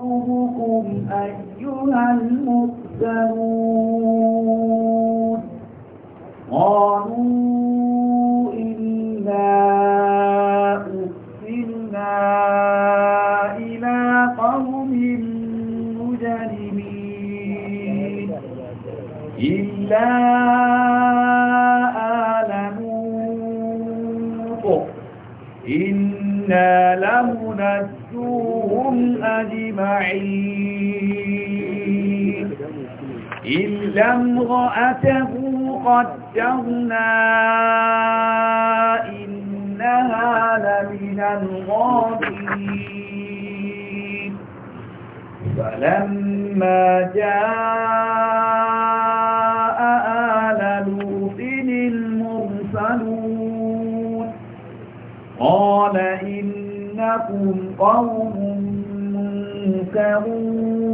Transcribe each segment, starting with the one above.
ربكم أيها المسلمون قالوا إلا امرأته قدرنا إنها لمن الغابرين فلما جاء آل لوط المرسلون قال إنكم قوم منكرون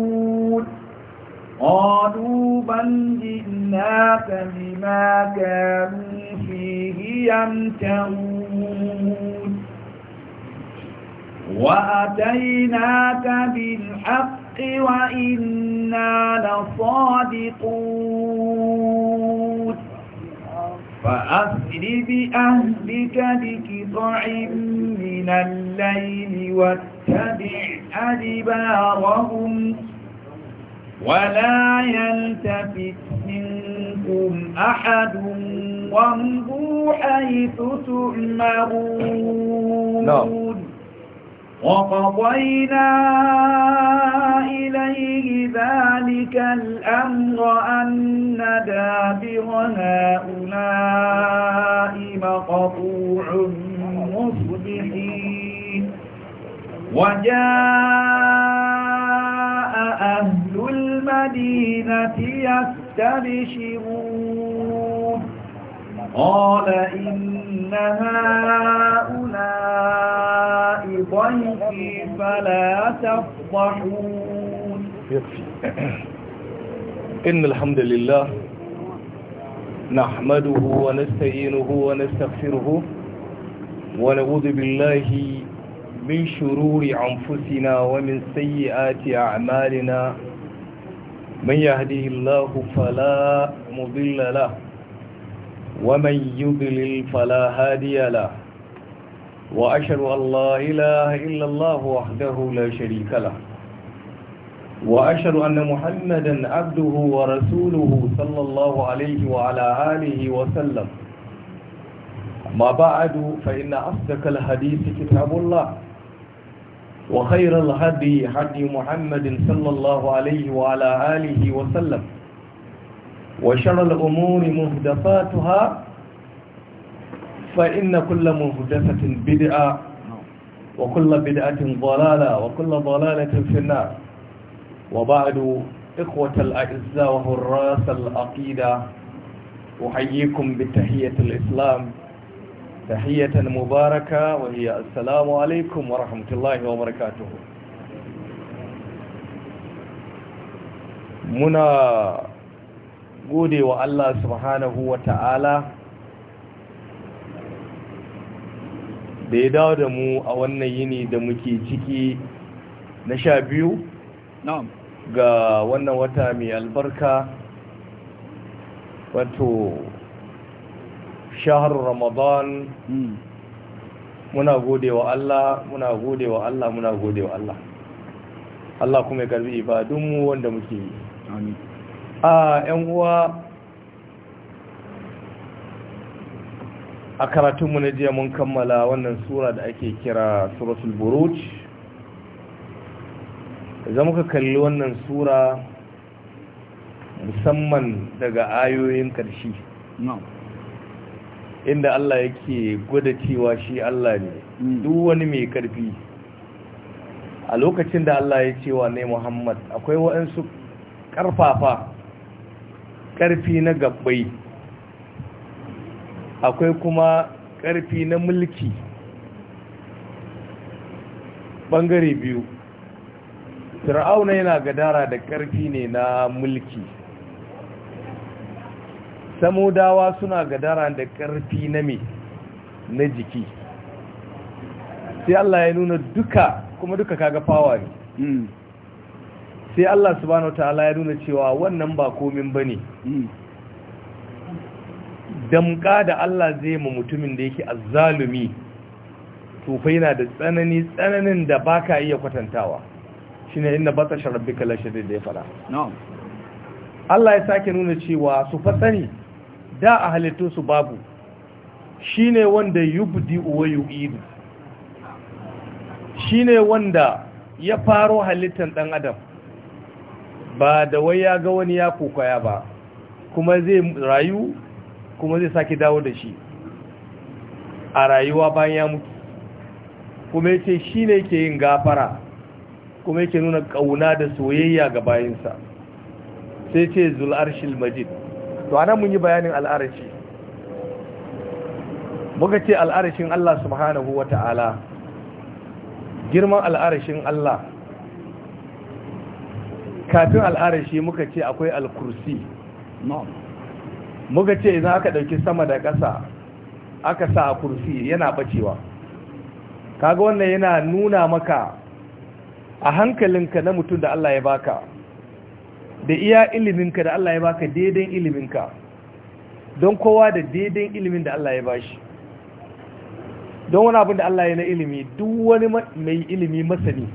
قالوا بل جئناك بما كانوا فيه يمترون وأتيناك بالحق وإنا لصادقون فأسر بأهلك بقطع من الليل واتبع أدبارهم ولا يلتفت منكم أحد وامضوا حيث تؤمرون no. نعم. وقضينا إليه ذلك الأمر أن دابر هؤلاء مقطوع مصبحين وجاء المدينة يستبشرون قال إن هؤلاء ضيفي فلا تفضحون إن الحمد لله نحمده ونستعينه ونستغفره ونعوذ بالله من شرور أنفسنا ومن سيئات أعمالنا من يهده الله فلا مضل له ومن يضلل فلا هادي له وأشهد أن لا إله إلا الله وحده لا شريك له وأشهد أن محمدا عبده ورسوله صلى الله عليه وعلى آله وسلم ما بعد فإن أصدق الحديث كتاب الله وخير الهدي هدي محمد صلى الله عليه وعلى آله وسلم وشر الأمور مهدفاتها فإن كل مهدفة بدعة وكل بدعة ضلالة وكل ضلالة في النار وبعد إخوة الأعزاء وهراس الأقيدة أحييكم بتحية الإسلام تحية مباركة وهي السلام عليكم ورحمة الله وبركاته منا gode wa Allah subhanahu wa ta'ala da ya dawo da mu a wannan yini da muke ciki na sha biyu ga wannan wata mai albarka wato shahar ramadan muna gode wa Allah muna gode wa Allah muna gode wa Allah Allah kuma ya karbi ibadunmu wanda muke yi a yan uwa a karatunmu na jiya mun kammala wannan sura da ake kira suratul buruj za muka kalli wannan sura musamman daga ayoyin ƙarshe inda Allah yake gwada cewa shi Allah ne hmm. duk wani mai karfi a lokacin da Allah ya cewa ne Muhammad akwai waɗansu ƙarfafa ƙarfi na gabbai akwai kuma ƙarfi na mulki ɓangare biyu fir'auna yana gadara da ƙarfi ne na mulki Samodawa suna gadara da ƙarfi na me na jiki sai Allah ya nuna duka kuma duka kaga fawa ne mm. sai Allah subhanahu ta'ala ya nuna cewa wannan ba komin ne. Mm. damka da Allah zai ma mutumin da yake azzalumi tufai na da tsanani tsananin da ba ka iya kwatantawa inda inna ta rabbika kalashe da ya fara Allah ya sake nuna cewa su fatsani da a halittunsu babu shi ne wanda yubdi uwa yu'idu shi ne wanda ya faro halittar ɗan adam ba da wai ya ga wani ya kokaya ba kuma zai rayu kuma zai sake dawo da shi a rayuwa bayan ya mutu kuma yake shi ne ke yin gafara kuma yake nuna ƙauna da soyayya ga bayansa sai ce zul'arshil majid to anan mun yi bayanin al'arashi muka ce al'arashin Allah subhanahu wa ta'ala girman al'arashin Allah kafin al'arashi muka ce akwai al muka ce idan aka ɗauki sama da ƙasa aka sa a kursi yana bacewa kaga wannan yana nuna maka a hankalinka na mutum da Allah ya baka da iya iliminka da Allah ya baka daidai iliminka don kowa da daidai ilimin da Allah ya bashi don wani abin da Allah ya na ilimi duk wani mai ilimi masani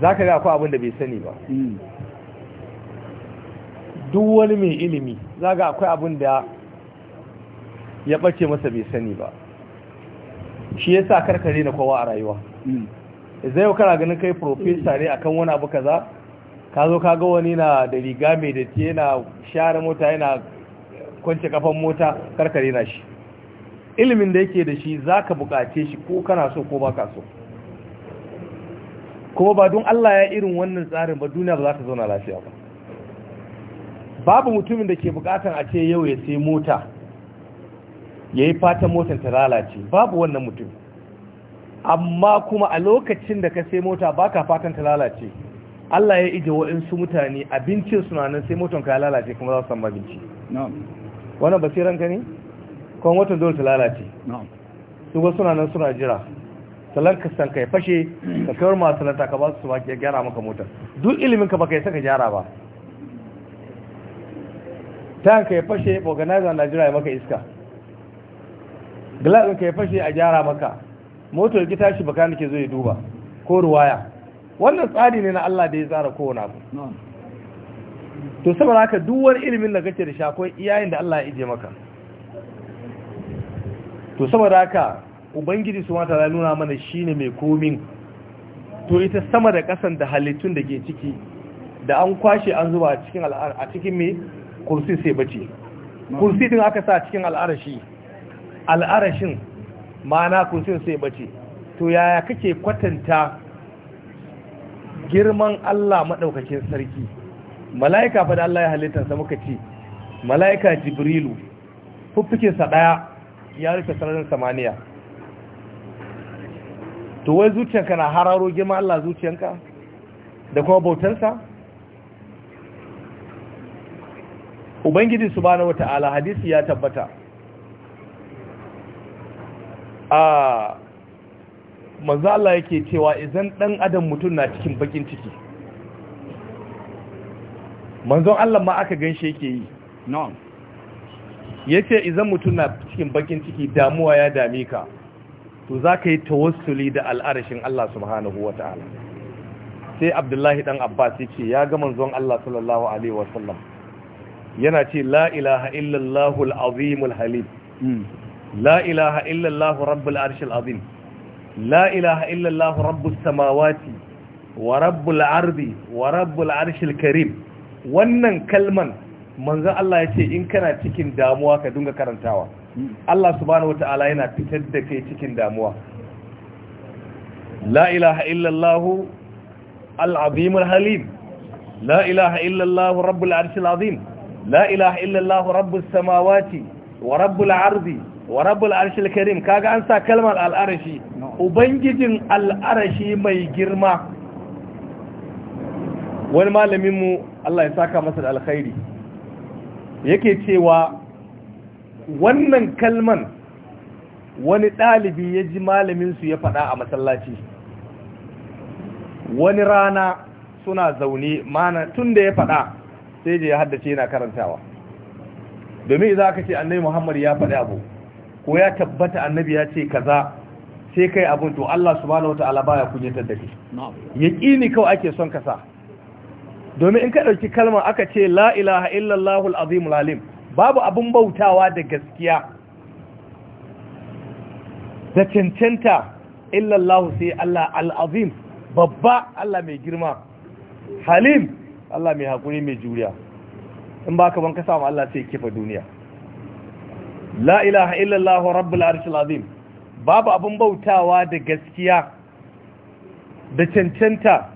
za ka ga akwai abin da bai sani ba hmm. duk wani mai ilimi za ga akwai abin da ya ɓace masa bai sani ba shi ya sa karkare na kowa a rayuwa hmm. zai yau kana ganin kai profesa ne akan wani abu kaza ka zo ka ga wani na da riga mai da ce yana share mota yana kwanci kafan mota karkare na shi ilimin da yake da shi za ka bukace shi ko kana so ko ba ka so kuma ba don Allah ya irin wannan tsarin ba duniya ba za ta zauna lafiya ba babu mutumin da ke bukatan a ce yau ya sai mota ya yi fatan motar ta lalace babu wannan mutum amma kuma a lokacin da ka sai mota ba ka fatan ta lalace Allah ya ije waɗansu mutane abincin suna nan sai motan ka lalace kuma za su samu abinci wannan basiran ka ne Kwan watan dole ta lalace su ba suna nan suna jira salar ka san kai fashe ka kawar masu lanta ka ba su ba ke gyara maka motar duk ilimin ka ba kai saka gyara ba ta ka yi fashe organizer jira ya maka iska glass ka yi fashe a gyara maka motar gita shi baka nake zo ya duba ko ruwaya wannan tsari ne na Allah da ya tsara kowane abu to saboda haka duk wani ilimin da kake da shi akwai iyayen da Allah ya ije maka to saboda haka ubangiji su mata nuna mana shine mai komin to ita sama da kasan da halittun da ke ciki da an kwashe an zuba a cikin a cikin mai kursi sai bace kursi din aka sa cikin al'arashi al'arashin ma'ana kursi sai bace to yaya kake kwatanta girman Allah maɗaukakin sarki mala'ika fada Allah ya sa muka ce mala'ika jibrilu fuffikinsa ɗaya ya rufe sararin samaniya to wai zuciyanka na hararo girman Allah zuciyanka da kuma bautansa ubangiji wata ala hadisi ya tabbata a ah, manzo Allah yake cewa idan dan adam mutum na cikin bakin ciki manzon Allah ma aka ganshi yake yi na'am yace idan mutum na cikin bakin ciki damuwa ya dame ka to zaka yi tawassuli da al'arshin Allah subhanahu wataala sai Abdullahi dan Abbas yake ya ga manzon Allah sallallahu alaihi wasallam yana ce la ilaha illallahul azimul al-halim hmm. la ilaha illallahu rabbul arshil azim la ilaha illallah rabbus samawati wa rabbul ardi wa rabbul arshil karim wannan kalman manzon Allah ya ce in kana cikin damuwa ka dinga karantawa Allah subhanahu wataala yana fitar da kai cikin damuwa la ilaha illallah al-azim al-halim la ilaha illallah rabbul arshil azim la ilaha illallah rabbus samawati wa rabbul ardi wa rabbul arshil karim kaga an sa kalmar al'arashi ubangijin al'arashi mai girma wani malamin Allah ya saka masa da alkhairi yake cewa wannan kalman wani ɗalibi ya ji malaminsu ya faɗa a masallaci wani rana suna zaune mana tun da ya faɗa sai je ya haddace yana karantawa domin za ka ce annai muhammad ya faɗi abu ko ya tabbata annabi ya ce kaza sai kai abin to Allah subhanahu wataala baya kujetar da ya yaqini kawai ake son kasa domin in ka dauki kalma aka ce la ilaha illallah al babu abin bautawa da gaskiya da cancanta illallah sai Allah Al'azim babba Allah mai girma halim Allah mai hakuri mai juriya in baka ban ka samu Allah sai kifa duniya la ilaha illallah rabbul arshil azim babu abun bautawa da gaskiya da cancanta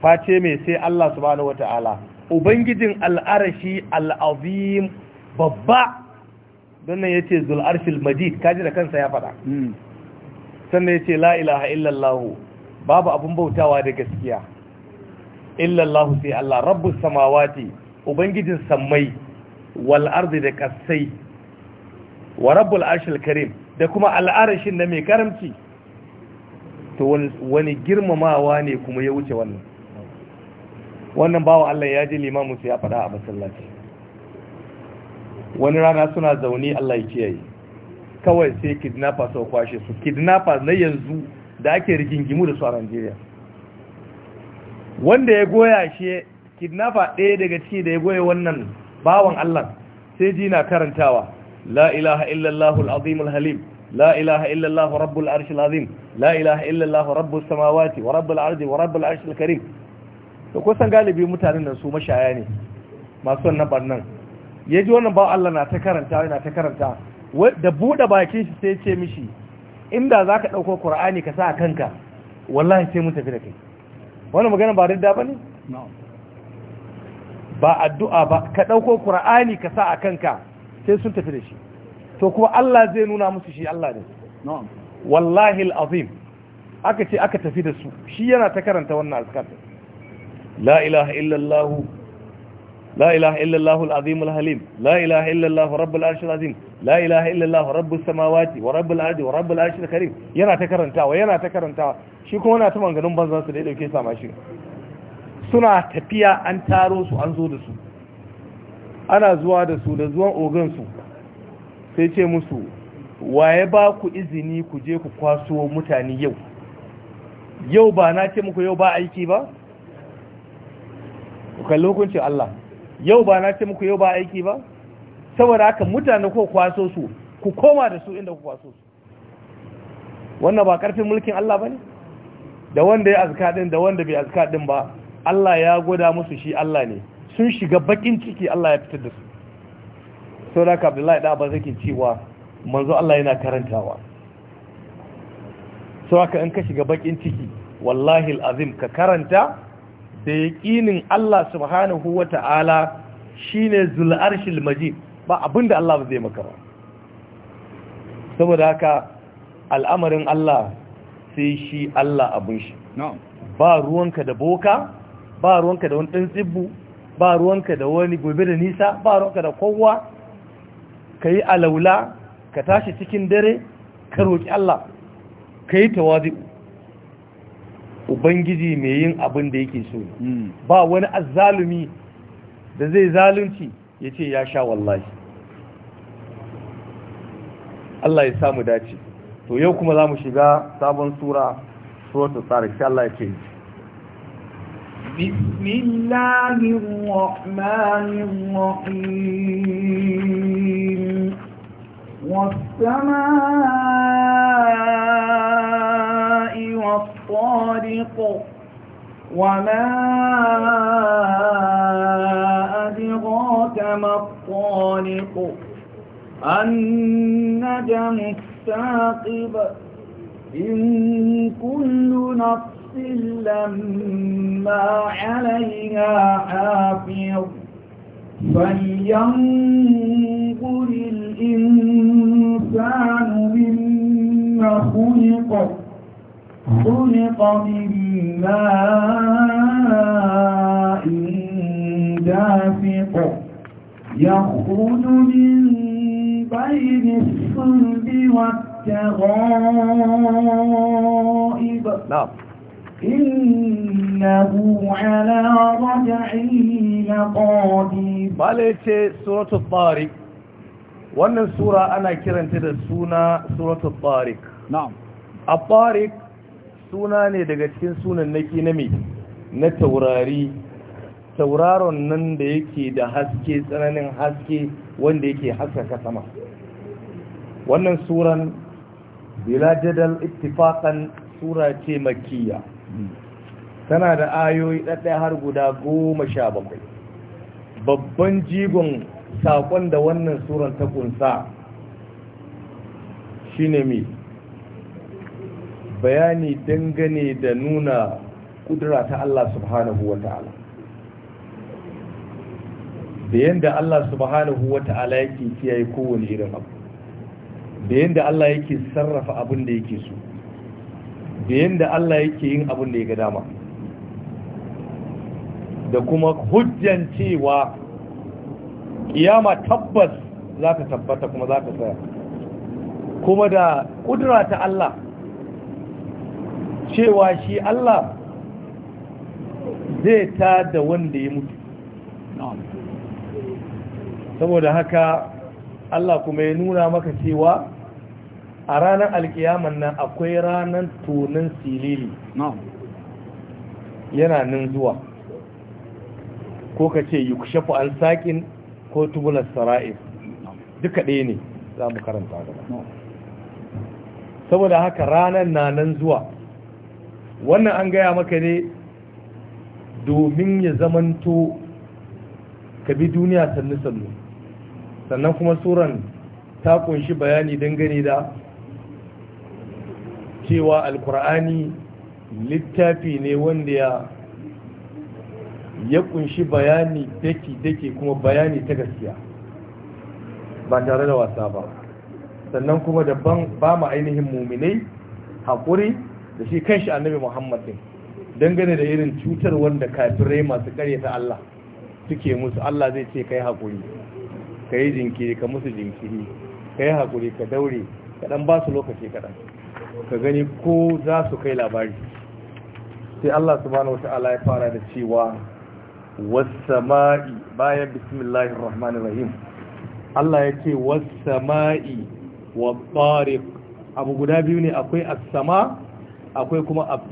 face mai sai Allah subhanahu wata'ala ubangijin al'arashi al'azim babba don nan yace zul arshil majid kaji da kansa ya faɗa hmm. sannan yace la ilaha illallah babu abun bautawa da gaskiya illallah sai Allah rabbus samawati ubangijin sammai wal ardi da kasai wa rabbul arshil karim da kuma al'arashin na mai karamci to wani girmamawa ne kuma ya wuce wannan wannan bawa Allah ya ji limamin su ya faɗa a masallaci wani rana suna zaune Allah ya kiyaye kawai sai kidnappers su kwashe su kidnappers na yanzu da ake rigingimu da su a Najeriya wanda ya goya shi kidnapper ɗaya daga ciki da ya goya wannan bawan Allah sai ji na karantawa لا إله إلا الله العظيم الهليم لا إله إلا الله رب العرش العظيم لا إله إلا الله رب السماوات ورب العرض ورب العرش الكريم to kusan galibi mutanen nan su mashaya ne masu wannan wannan ba Allah na ta karanta yana ta karanta da buɗe bakin shi sai ce mishi inda za ka ɗauko ka sa a kanka wallahi sai mun tafi da kai wannan magana ba dadda ba ne? ba addu'a ba ka ɗauko Kur'ani ka sa a kanka sai sun tafi da shi to kuma Allah zai nuna musu shi Allah ne wallahi al'azim aka ce aka tafi da su shi yana ta karanta wannan azkar la ilaha illallah la ilaha illallah al'azim al-halim La ilaha illallah rabbul arshil azim la ilaha illallah rabbus samawati wa rabbul ardi wa rabbul arshil karim yana ta karantawa yana ta karantawa shi kuma yana ta maganganun banzan su da ya dauke sama shi suna tafiya an taro su an zo da su ana zuwa da su da zuwan ogansu sai ce musu waye ba ku izini ku je ku kwaso mutane yau yau ba na ce muku yau ba aiki ba ku kalli hukuncin Allah yau ba na ce muku yau ba aiki ba saboda haka mutane ko kwaso su ku koma da su inda ku kwaso su wannan ba karfin mulkin Allah ba ne da wanda ya azka din da wanda bai azka din ba Allah ya gwada musu shi Allah ne sun shiga bakin ciki Allah ya fitar da su sau da ka abdullahi da ba cewa manzo Allah yana karantawa sau haka in ka shiga bakin ciki wallahi azim ka karanta da yaƙinin Allah subhanahu wa ta'ala shi ne zul'arshil majid ba abinda Allah ba zai maka ba saboda haka al'amarin Allah sai shi Allah abin shi ba ruwanka da boka ba ruwanka da wani ɗan tsibbu ba ruwanka da wani gobe da nisa ba ruwanka da kowa ka yi alaula ka tashi cikin dare ka roƙi Allah ka yi tawazi ubangiji mai yin abin da yake so hmm. ba wani azalumi da zai zalunci ya ce ya sha wallahi Allah ya samu dace to yau kuma za mu shiga sabon sura suratul tsari Allah ya ce بسم الله الرحمن الرحيم والسماء والطارق وما أدراك ما الطارق النجم الثاقب إن كل نفس نفس لما عليها حافظ فلينظر الإنسان مما خلق خلق من ماء دافق يخرج من بين الصلب والتغائب نعم bale ce Suratu tariq wannan sura ana kiranta da suna suratu tariq A tariq suna ne daga cikin sunan naki na me na taurari tauraron nan da yake da haske tsananin haske wanda yake haskaka sama wannan suran bila jadal sura ce makiyya. tana da ayoyi ɗaɗɗaya har guda goma sha bakwai babban jigon saƙon da wannan tsoron ta ƙunsa shi ne mai bayani dangane da nuna ƙudura ta Allah subhanahu wa ta'ala da yadda Allah subhanahu wa ta'ala yake kiyaye kowane irin abu da yadda Allah yake sarrafa abin da yake so da yadda Allah yake yin abin da ya ga dama da kuma hujjan cewa kiyama tabbas za ka tabbata kuma za ka tsaya kuma da kudura ta Allah cewa shi Allah zai ta da wanda ya mutu saboda haka Allah kuma ya nuna maka cewa a ranar alkiyaman nan akwai ranar tonin silili yana nan zuwa ko ka ce yi kushe an saƙin ko tubular sara'is duka ɗaya ne za mu karanta gaba saboda haka ranar na nan zuwa wannan an gaya maka ne domin ya zamanto ka bi duniya sannu-sannu sannan kuma tsoron ta kunshi bayani dangane da cewa alkur'ani littafi ne wanda ya ya kunshi bayani daki-daki kuma bayani ta gaskiya ba tare da wasa ba sannan kuma da ba mu ainihin muminai haƙuri da shi kanshi annabi muhammadin dangane da irin cutar wanda kafirai masu ta Allah suke musu Allah zai ce kai haƙuri ka yi jinkiri ka musu jinkiri ka yi haƙuri ka daure ka ɗan ba su lokaci kaɗan ka gani ko za su kai labari sai Allah subhanahu wata'ala ya fara da cewa wasama'i bayan bismillahir rahmanir rahim Allah ya ce wasama'i wa tariq abu guda biyu ne akwai as-sama akwai kuma at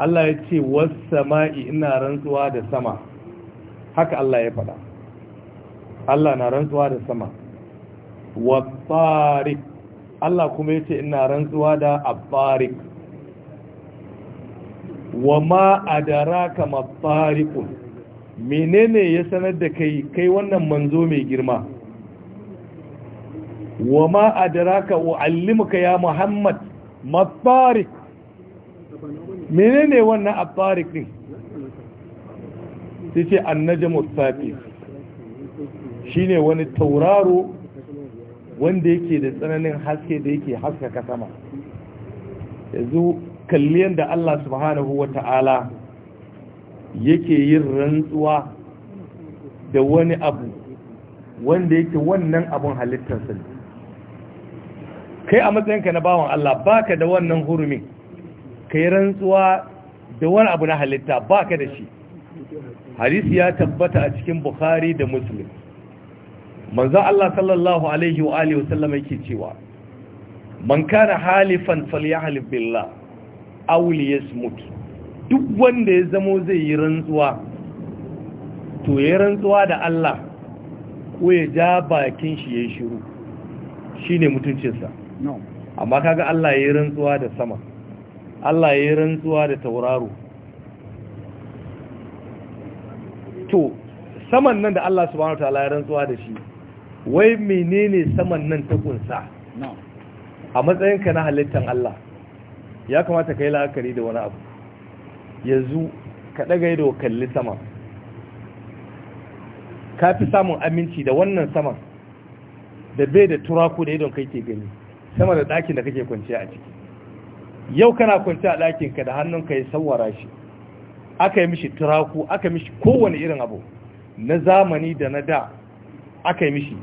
Allah ya ce wasama'i ina rantsuwa da sama haka Allah ya faɗa Allah na rantsuwa da sama wa tariq Allah kuma ya ce ina rantsuwa da abbarik wa ma adaraka mabbarikun menene ya sanar da kai kai wannan manzo mai girma wa ma adaraka uallimuka ya muhammad mabbarik menene wannan abbarik din sai ce annajmu safi shine wani tauraro wanda yake da tsananin haske da yake haskaka sama yanzu kalli da Allah subhanahu wa ta'ala yake yin rantsuwa da wani abu wanda yake wannan abun halittarsa ne kai a matsayinka na bawan Allah baka da wannan hurumin kai rantsuwa da wani abu na halitta baka da shi hadisi ya tabbata a cikin bukhari da muslim manzo Allah sallallahu alaihi wa alihi wasallam yake cewa man kana halifan falyahlif billah aw liyasmut duk wanda ya zamo zai yi rantsuwa to ya rantsuwa da Allah ko ya ja bakin shi yayin shiru shine mutuncinsa amma kaga Allah ya yi rantsuwa da sama Allah ya yi rantsuwa da tauraro to saman nan da Allah subhanahu wataala ya rantsuwa da shi wai menene saman nan ta kunsa a matsayinka na halittar Allah ya kamata ka yi la'akari da wani abu yanzu ka ɗaga yi da kalli sama ka fi samun aminci da wannan saman da bai da turaku da idon kai ke gani sama da ɗakin da kake kwanciya a ciki yau kana kwanci a ɗakinka da hannunka ya sawara shi aka yi mishi turaku aka mishi kowane irin abu na zamani da na da aka yi mishi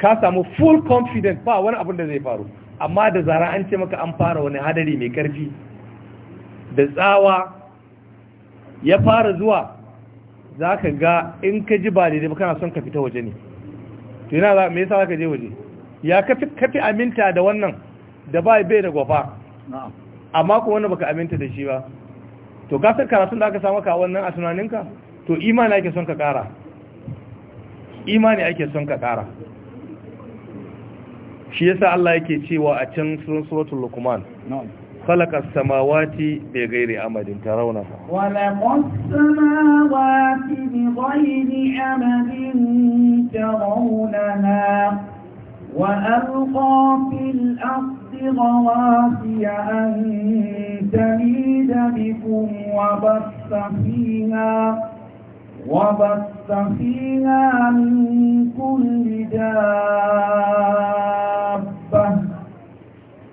ka samu full confidence ba wani abin da zai faru amma da zara an ce maka an fara wani hadari mai karfi da tsawa ya fara zuwa za ka ga in ka ji ba daidai ba kana son ka fita waje ne to yana za me yasa za ka je waje ya kafi aminta da wannan da ba bai da gwafa amma ko wannan baka aminta da shi ba to ka san karatun da aka samu ka wannan a tunaninka to imani ake son ka kara imani ake son ka kara shi yasa Allah yake cewa a can sun suratul lukman falakar samawati bai gairi amadin ta rauna ba walakon samawati bai gairi amadin ta rauna na wa alƙofin asirawa siya an dalida bikin wa basa fiya وبث فيها ya ce دابة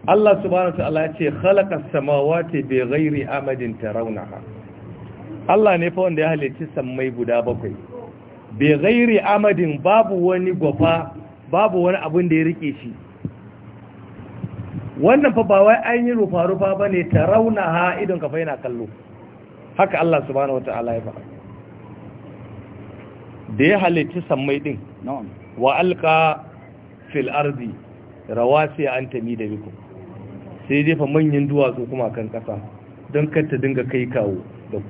الله سبحانه وتعالى خلق السماوات بغير أمد ترونها Allah ne fa wanda ya halicci sammai guda bakwai bai gairi amadin babu wani gwafa babu wani abin da ya rike shi wannan fa ba wai an yi rufa-rufa ba ne ta rauna idon kafa yana kallo haka Allah subhanahu wa ta'ala ya faɗa da ya halitta sammai ɗin. wa alka fil ardi rawasi an tami da biku sai jefa manyan duwatsu kuma kan kasa don ta dinga kai kawo da ku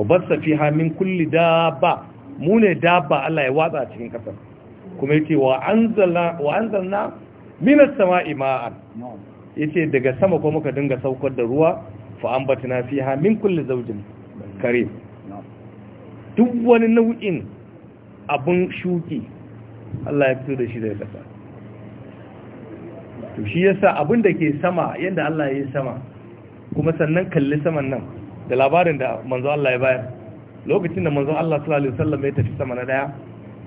wa basa fi hamin kulli daba. mu ne daba. Allah ya watsa cikin kasa kuma yake wa anzalna wa anzalna minas sama'i ma'an yace daga sama kuma muka dinga saukar da ruwa fa ambatna fiha min kulli zawjin karim duk wani nau'in Abun shuki Allah ya fito da shi daga ƙasa to shi yasa abin da ke sama yadda Allah ya yi sama kuma sannan kalli saman nan da labarin da manzo Allah ya bayar lokacin da manzo Allah sallallahu alaihi wasallam ya tafi sama na daya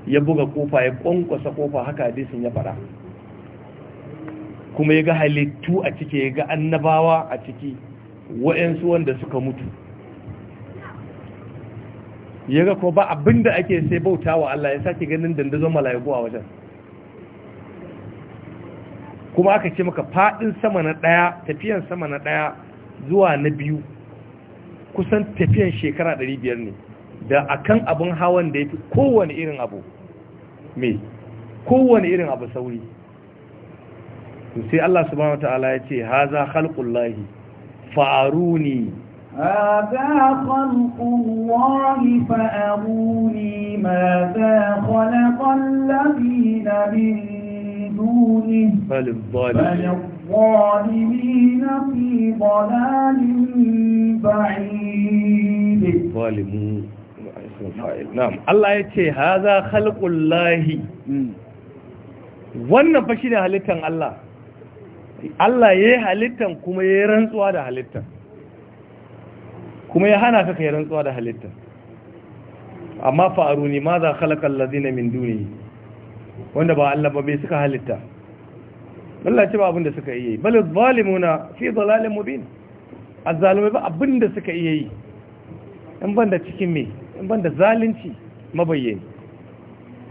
ya buga kofa ya kwankwasa kofa haka hadisin ya fara kuma ya ga halittu a ciki ya ga annabawa a ciki wa'ansu wanda suka mutu ya ga ko ba abin da ake sai bauta wa Allah ya sake ganin dandazon mala'iku a wajen kuma aka ce maka faɗin sama na ɗaya tafiyan sama na ɗaya zuwa na biyu kusan tafiyan shekara 500 ne da akan abin hawan da ya fi kowane irin abu mai kowane irin abu sauri sai Allah subhanahu wa ta'ala ya ce haza khalqullahi fa'aruni هذا خلق الله فأروني ماذا خلق الذين من دونه بل الظالمين في ضلال بعيد ظالمون نعم الله يتي هذا خلق الله wannan fashi da halittan Allah Allah ya yi halittan kuma ya yi rantsuwa da halittan kuma ya hana ka kai rantsuwa da halitta amma fa'aruni ma za khalaqa lazina min duni wanda ba Allah ba bai suka halitta Allah ce ba abin da suka yi bal zalimuna fi dalalin mubin azzalume ba abinda suka iya yi in ban da cikin me in ban da zalunci mabayyani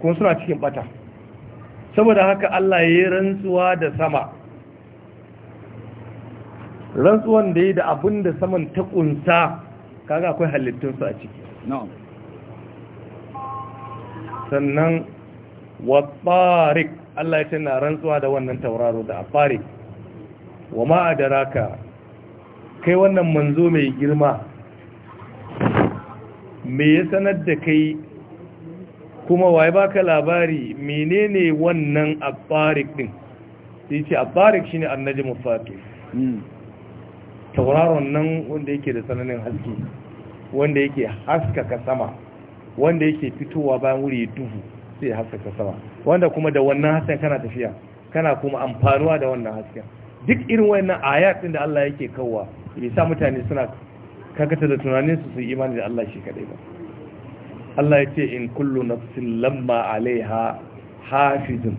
kuma suna cikin bata saboda haka Allah ya yi rantsuwa da sama rantsuwan da ya da abinda saman ta kunsa kaga akwai su a ciki sannan wa Allah ya ce na rantsuwa da wannan tauraro da afari wa ma'adaraka kai wannan manzo mai girma me ya sanar da kai kuma waye baka labari menene wannan afarik din sai ce afarik shine annajmu faqih hmm. tauraron nan wanda yake da tsananin haske wanda yake haskaka sama wanda yake fitowa bayan wuri ya duhu sai ya haskaka sama wanda kuma da wannan hasken kana tafiya kana kuma amfanuwa da wannan hasken duk irin wannan ayat din da Allah yake kawwa me sa mutane suna kakata da tunanin su su imani da Allah shi kadai ba Allah ya ce in kullu nafsin lamma alaiha hafizun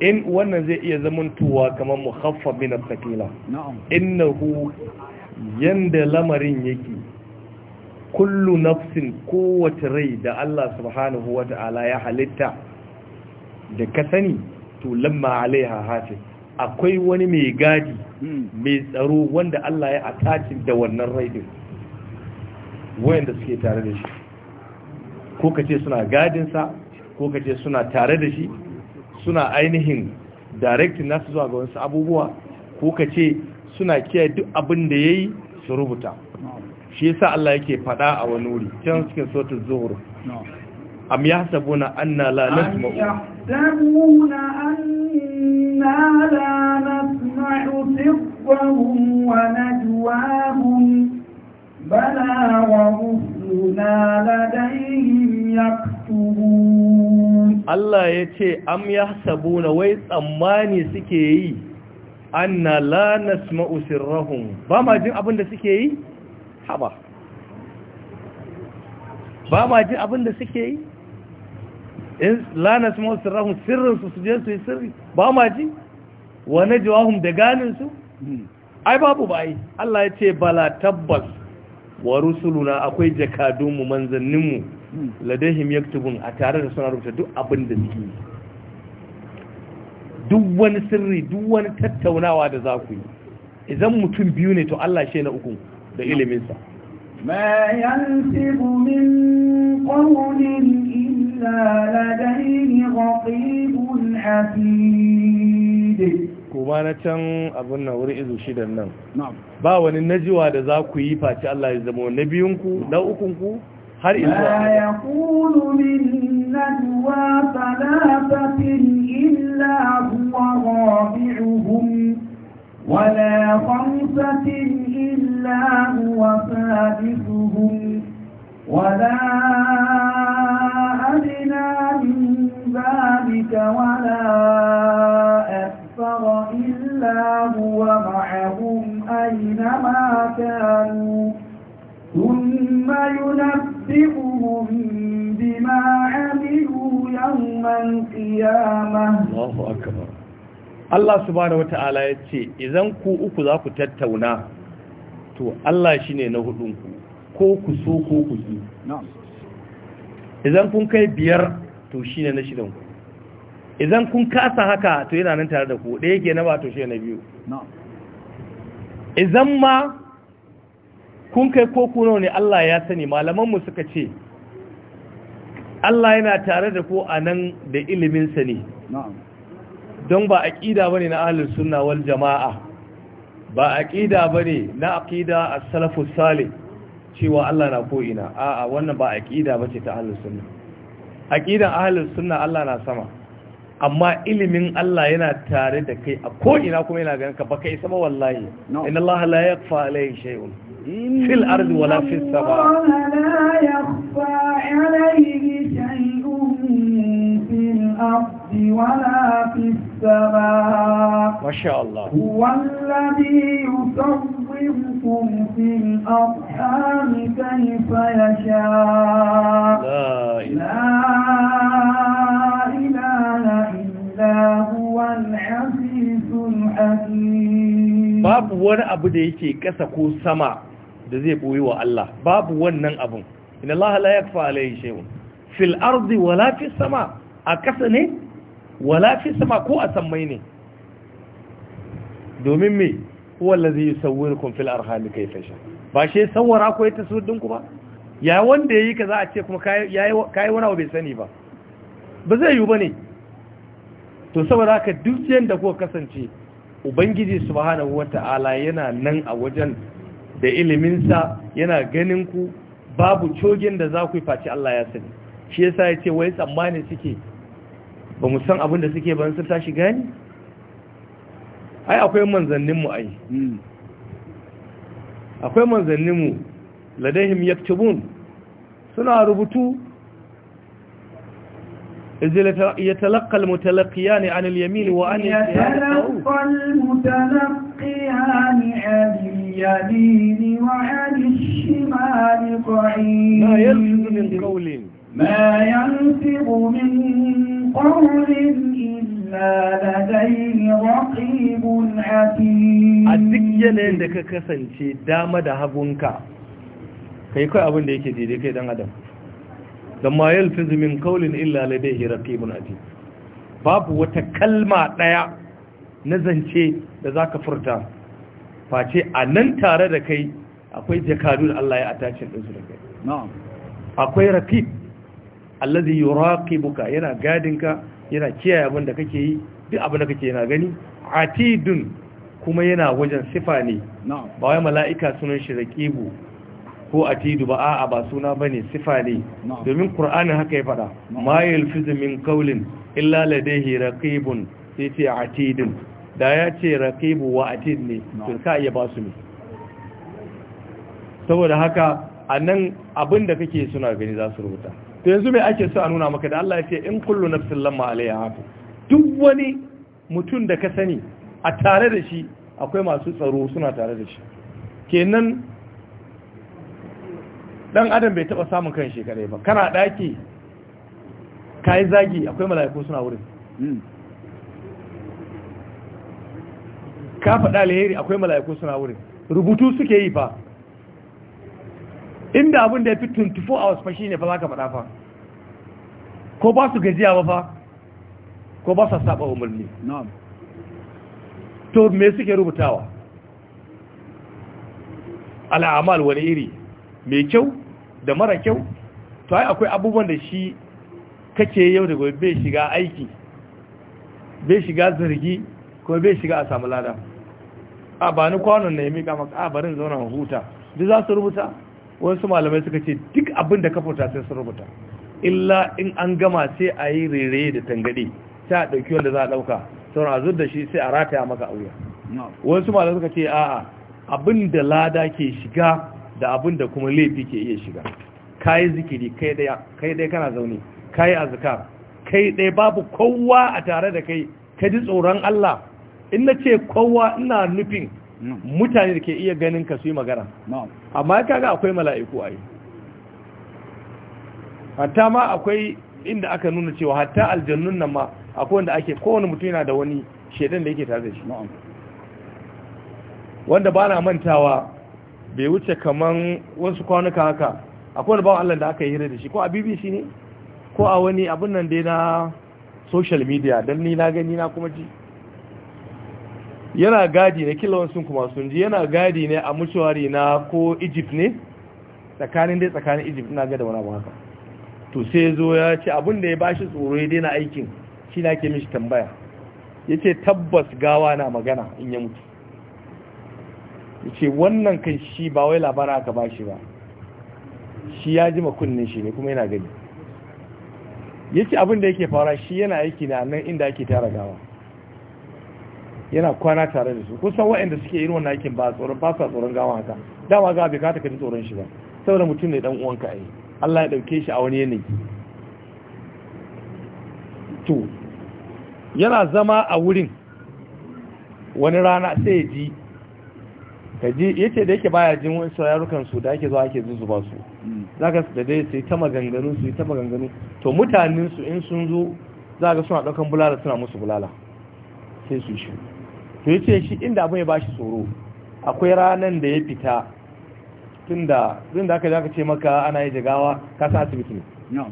in wannan zai iya zamantowa kamar muhaffaf min In sakila hu yanda lamarin yake kullu nafsin kowace rai da Allah subhanahu wa ta'ala ya halitta da ka sani to lamma alaiha hace akwai wani mai gadi hmm. mai tsaro wanda Allah ya ataci da wannan rai din wayanda suke tare da shi ko kace suna gadinsa ko kace suna tare da shi suna ainihin directing nasu zuwa ga wasu abubuwa ko ka ce suna kiyaye duk abin da ya yi su rubuta shi yasa Allah yake faɗa a wani wuri can cikin sautin zuhur am ya sabu na an na la nasma'u wa najwahum bala wa Allah ya ce am ya sabuna wai tsammani suke yi an na lanas nasma'u rahun ba ma jin abin da suke yi haba ba ma jin abin da suke yi in la nasma'u sirrinsu sirrin su je su yi sirri ba ma ji wa najwahum da ganin su hmm. ai babu yi. Allah ya ce bala tabbas wa rusuluna akwai jakadunmu manzanninmu Ladaihim yaktubun a tare da suna rubuta duk abin da suke yi duk wani sirri duk wani tattaunawa da za ku yi idan mutum biyu ne to Allah shi na uku da iliminsa ma yantibu min qawlin illa ladaihi raqibun hafid kuma na can abin na wuri izu shidan nan ba wani najiwa da za ku yi face Allah ya zama na biyunku na ukunku har ma yakunu min najwa thalathatin illa huwa rabi'uhum ولا خمسة إلا هو سادسهم ولا أدنى من ذلك ولا أكثر إلا هو معهم أينما كانوا ثم ينفق يعذبهم بما عملوا يوم القيامة الله أكبر Allah subhanahu wata'ala ya ce idan ku uku za ku tattauna to Allah shi ne na hudunku ko ku so ko ku yi idan kun kai biyar to shi ne na shidanku idan kun kasa haka to yana nan tare da ku ɗaya ke na ba to shi ne na biyu Izan ma kun kai ko kuno ne Allah ya sani malamanmu suka ce Allah yana tare da ko a nan da iliminsa ne don ba ƙida ba ne na ahalin suna wal jama'a ba ƙida ba ne na aƙida a salafus salih cewa Allah na ko'ina a'a wannan ba ƙida ba ce ta ahalin suna A ƙidan ahalin suna Allah na sama amma ilimin Allah yana tare da kai a ko'ina kuma yana ganin ka ka isa ba wallahi in Allah la yaqfa alayhi shay'un في الأرض ولا في السماء لا يخفى عليه شيء في الأرض ولا في السماء ما شاء الله هو الذي يصوركم في الأرحام كيف يشاء لا إله إلا هو العزيز الحكيم باب ولا أبو da كسكو سماء da zai boye wa Allah babu wannan abun Ina Allah la yakfa alayhi shay'un fil ardi wala fi sama a kasa ne wala fi sama ko a sammai ne domin me huwa allazi yusawwirukum fil arham kayfa sha ba shi sawara ko ya tasawwurin ku ba ya wanda yayi kaza a ce kuma kai kai wani abu bai sani ba ba zai yi ne. to saboda haka duk yanda kuka kasance ubangiji subhanahu wata'ala yana nan a wajen da iliminsa yana ganin ku babu cogin da za ku yi faci Allah ya sani shi yasa ya ce wai tsammani suke ba mu san abin da suke ban sun tashi gani ai akwai manzanninmu ai hmm. akwai manzanninmu ladahim yaktubun suna rubutu إذ يتلقى المتلقيان عن اليمين وعن يتلقى المتلقيان عن اليمين اليمين وعن الشمال قعيد ما يلفظ من قول ما يلفظ من قول إلا لديه رقيب عتيد أدك يلين كسنشي دام دهبونك kai kai abin da yake daidai kai dan adam da ma yalfiz min qawlin illa ladayhi raqibun atid babu wata kalma daya na zance da zaka furta face a nan tare da kai akwai jakadu Allah ya da ɗinsu da kai akwai rakib allazi yuraqibuka yana gadinka yana kiyaye abin da kake yi duk abin da kake yana gani atidun kuma yana wajen sifa ne ba wai mala'ika sunan shi raqibu ko atidu ba a'a ba suna bane sifa ne domin qur'ani haka ya fada ma yalfizu min qawlin illa ladayhi raqibun sai ce atidun da ya ce raqibu wa atid ne to ka iya ba su ne saboda haka anan abin da kake suna gani za su rubuta to yanzu me ake so a nuna maka da Allah ya ce in kullu nafsin lamma alaiha hafi duk wani mutum da ka sani a tare da shi akwai masu tsaro suna tare da shi kenan dan adam bai taba samun kan shekarai ba kana daki kai zagi akwai mala'iku suna wurin hmm. ka faɗa alheri akwai mala'iku suna wurin rubutu suke yi fa inda abin da ya fi 24 hours fa shine fa za ka faɗa fa ko ba su gajiya ba fa ko ba su saba umarni to me suke rubutawa al'amal wani iri mai kyau da mara kyau to ai akwai abubuwan da shi kake yau da gobe bai shiga aiki bai shiga zargi ko bai shiga a samu lada a ba ni kwanon na ya miƙa maka a barin zauna huta duk za su rubuta wasu malamai suka ce duk abin da kafuta sai su rubuta illa in an gama sai a yi rere da tangade sai a ɗauki wanda za a ɗauka sauran a da shi sai a rataya maka auya wasu malamai suka ce a'a abin da lada ke shiga da abin da kuma laifi ke iya shiga kayi zikiri kai dai kana zaune kayi azkar kai dai babu kowa a tare da kai ka ji tsoron Allah in na ce kowa ina nufin mutane da ke iya ganin ka su yi magana amma ya kaga akwai mala'iku a yi hatta ma akwai inda aka nuna cewa hatta aljannun nan ma akwai wanda ake kowane mutum yana da wani shaidan da yake tare da shi wanda ba na mantawa bai wuce kaman wasu kwanuka haka akwai wani bawan Allah da aka yi hira da shi ko a BBC ne ko a wani abin nan dai na social media don ni na gani na kuma ji yana gadi ne kilawansu kuma sun ji yana gadi ne a mutuwari na ko egypt ne tsakanin dai tsakanin egypt ina gada wani abu haka to sai zo ya ce abinda ya ya bashi tsoro ya daina aikin shi na ke mishi tambaya ya ce tabbas gawa na magana in ya mutu ya ce wannan kan shi ba wai labara aka bashi ba shi ya ji makunnin shi ne kuma yana gani ya ce abinda yake fara shi yana aiki na nan inda ake tara gawa yana kwana tare da su kusan waɗanda suke irin wannan aikin ba tsoron ba sa tsoron gawa haka dama ga bai kata ka ji tsoron shi ba saboda mutum ne dan uwanka ai Allah ya dauke shi a wani yanayi to yana zama a wurin wani rana sai ji kaji yace da yake baya jin wani saurarukan su da yake zuwa yake zuzuba su zaka da dai sai ta maganganu su ta maganganu to mutanen su in sun zo zaka suna daukan bulala suna musu bulala sai su shi to ya shi inda abin ya ba shi tsoro akwai ranan da ya fita tunda da aka zaka ce maka ana yi jigawa sa asibiti ne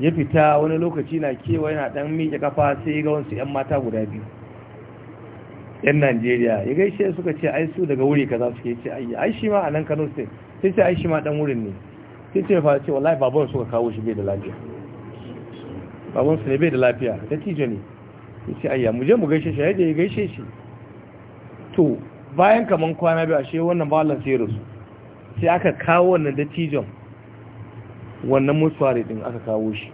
ya fita wani lokaci na kewa yana dan miƙe kafa sai ga wasu 'yan mata guda biyu 'yan najeriya ya gaishe suka ce ai su daga wuri kaza suke ce ai ai shi ma a nan kano state sai ce ai shi ma dan wurin ne sai ce fa ce wallahi baban suka kawo shi bai da lafiya baban su ne bai da lafiya da tijo ne sai ce ai mu je mu gaishe shi yadda ya gaishe shi to bayan kaman kwana biyu ashe wannan balan sai rasu sai aka kawo wannan dattijon wannan mutuware din aka kawo shi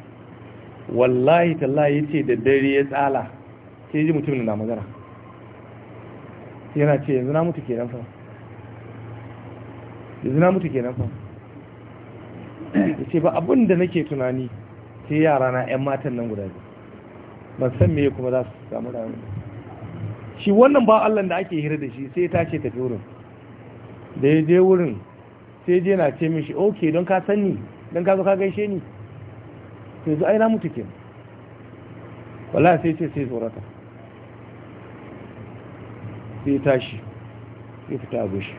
wallahi tallahi yace da dare ya tsala sai ji mutum na magana yana ce yanzu na mutu kenan fa yanzu na mutu kenan fa Sai ba abin da nake tunani sai yara na 'yan matan nan guda biyu ban san me kuma za su samu rayuwa shi wannan ba Allah da ake hira da shi sai ya tashi tafi wurin da ya je wurin sai je na ce mishi ok don ka sani don ka zo ka gaishe ni sai zo aina mutu ke wala sai ce sai tsorata sai ya tashi ya fita a gushi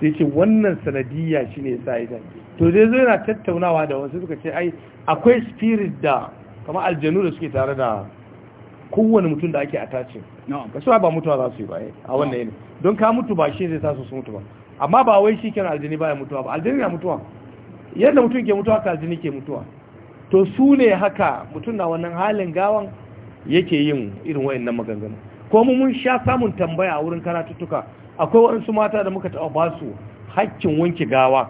sai ce wannan sanadiyya shi ne sa ya to zai zo yana tattaunawa da wasu suka ce ai akwai spirit da kama aljanu da suke tare da kowane mutum da ake attachin kasuwa ba mutuwa za su yi ba eh, a wannan yanayi don ka mutu ba shi zai sa su su mutu ba amma ba wai shi kenan aljini baya mutuwa ba aljini na mutuwa yadda mutum ke mutuwa ka aljini ke mutuwa to su ne haka mutum na wannan halin gawan yake yin irin nan maganganu ko mu mun sha samun tambaya a wurin karatuttuka akwai waɗansu mata da muka taɓa ba su hakkin wanke gawa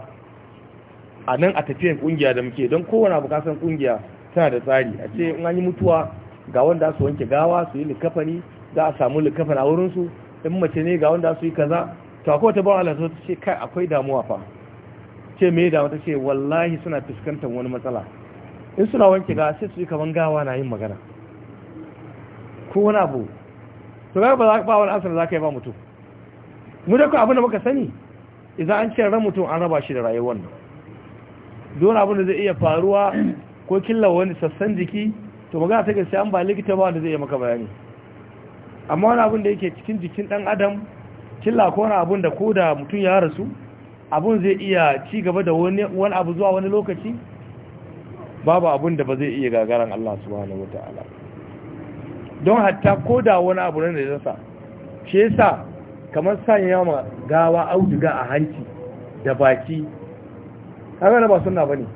a nan a tafiyan ƙungiya da muke don kowane abu kasan ƙungiya tana da tsari a ce in an yi mutuwa ga wanda su wanke gawa su yi likafani za a samu likafani a wurinsu in mace ne ga wanda su yi kaza to akwai wata bawa Allah ta ce kai akwai damuwa fa ce me damuwa ta ce wallahi suna fuskantar wani matsala in suna wanke gawa sai su yi kaman gawa na yin magana ko wani abu to ga ba ba wani asar za ka yi ba mutum mu da ku abin da muka sani idan an ce ran mutum an raba shi da rayuwar nan don abin da zai iya faruwa ko killa wani sassan jiki to magana ta gaske an ba likita ba wanda zai yi maka bayani amma wani abin da yake cikin jikin dan adam killa ko wani abin da ko da mutum ya rasu abin zai iya ci gaba da wani abu zuwa wani lokaci babu abin da ba zai iya gagaran Allah subhanahu wataala don hatta ko da wani abu ne da ya sa shi yasa kamar sanya ma gawa auduga a hanci da baki kaga ba sunna bane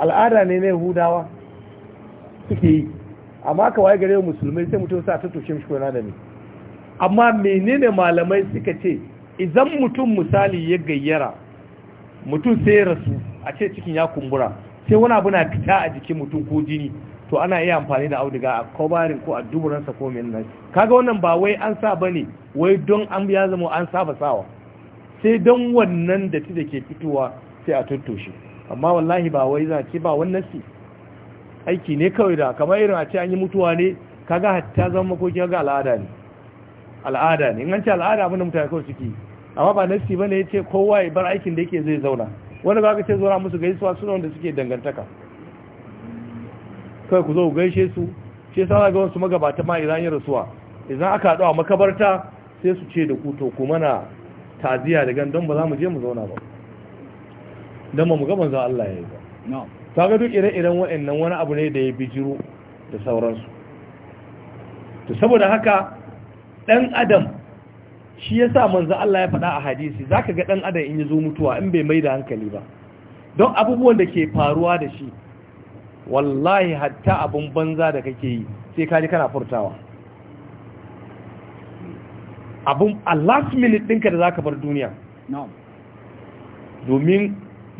al'ada ne ne hudawa. suke yi amma ka waye gare musulmai sai mutum sa ta tushe mishi kwana da ne amma menene malamai suka ce idan mutum misali ya gayyara mutum sai ya rasu a ce cikin ya kumbura sai wani abu na fita a jikin mutum ko jini to ana iya amfani da auduga a kobarin ko a sa ko menene nan kaga wannan ba wai an sa bane wai don an biya zama an saba sawa sai don wannan da da ke fitowa sai a tattoshe amma wallahi ba wai za ce ba wannan si aiki ne kawai da kamar irin a ce an yi mutuwa ne kaga hatta zama makoki ga al'ada ne al'ada ne in an ce al'ada abin da mutane kawai suke amma ba nasi ne ya ce kowa ya bar aikin da yake zai zauna wani ba ka ce zauna musu gaisuwa suna wanda suke dangantaka Kai ku zo ku gaishe su shi yasa ga wasu magabata ma idan yin rasuwa idan aka haɗu a makabarta sai su ce da ku to ku mana taziya da gan don ba za mu je mu zauna ba don ba mu ga manzo Allah ya yi ba kaga duk ire-iren waɗannan wani abu ne da ya bijiro da sauransu to saboda haka ɗan adam shi ya sa manzo Allah ya faɗa a hadisi za ka ga ɗan adam in ya zo mutuwa in bai mai da hankali ba don abubuwan da ke faruwa da shi wallahi hatta abin banza da kake yi sai kaji kana furtawa Abun a last minute ɗinka da za ka bar duniya domin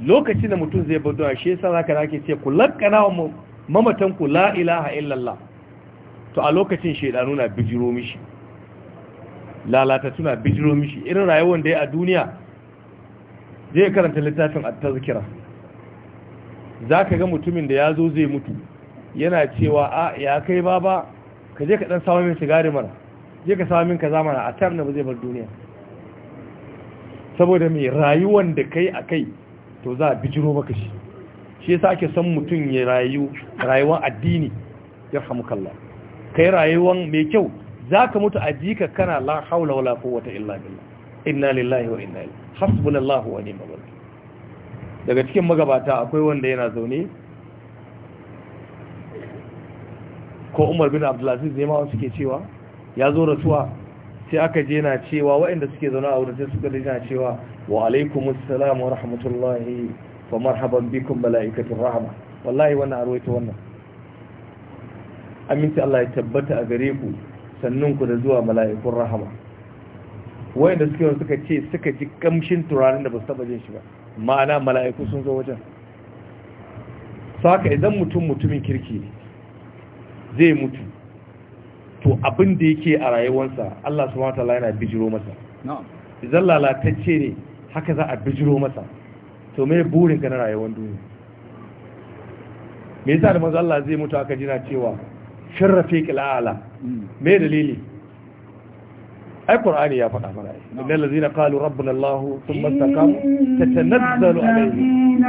lokacin da mutum zai bar duniya shi yasa zaka ce ku lakana wa mamatan ku la ilaha illallah to a lokacin shedanu na bijiro mishi lalata na bijiro mishi irin rayuwar da ya a duniya zai karanta littafin at-tazkira zaka ga mutumin da yazo zai mutu yana cewa a ya kai baba ka je ka dan samu min sigari mara je ka samu min kaza mara a tarna ba zai bar duniya saboda mai rayuwar da kai a kai to za a bijiro maka shi shi yasa ake son mutum ya rayu rayuwar addini ya samu kalla kai rayuwar mai kyau zaka mutu a jika kana la haula wala quwwata illa billah inna lillahi wa inna ilaihi hasbunallahu wa ni'mal wakeel daga cikin magabata akwai wanda yana zaune ko Umar bin Abdulaziz ne ma suke cewa ya zo rasuwa sai aka je na cewa waɗanda suke zaune a wurin sai suka je na cewa wa alaikumus salam wa rahmatullahi wa marhaban bikum malaikatur rahma wallahi wannan arwaita wannan aminci Allah ya tabbata a gare ku sannun ku da zuwa malaikun rahama waɗanda suke wani suka ce suka ji kamshin turanin da ba su taba jin shi ba ma'ana mala'iku sun zo wajen saka idan mutum mutumin kirki zai mutu to abin da yake a rayuwarsa Allah subhanahu wataala yana bijiro masa idan lalatacce ne haka za a bijiro masa to me burin ka na rayuwar duniya me yasa da manzo Allah zai mutu aka jina cewa sharrafe kilala mm. me dalili ai qur'ani ya faɗa mana innal zina qalu rabbuna allah thumma istaqamu tatanazzalu ta qalu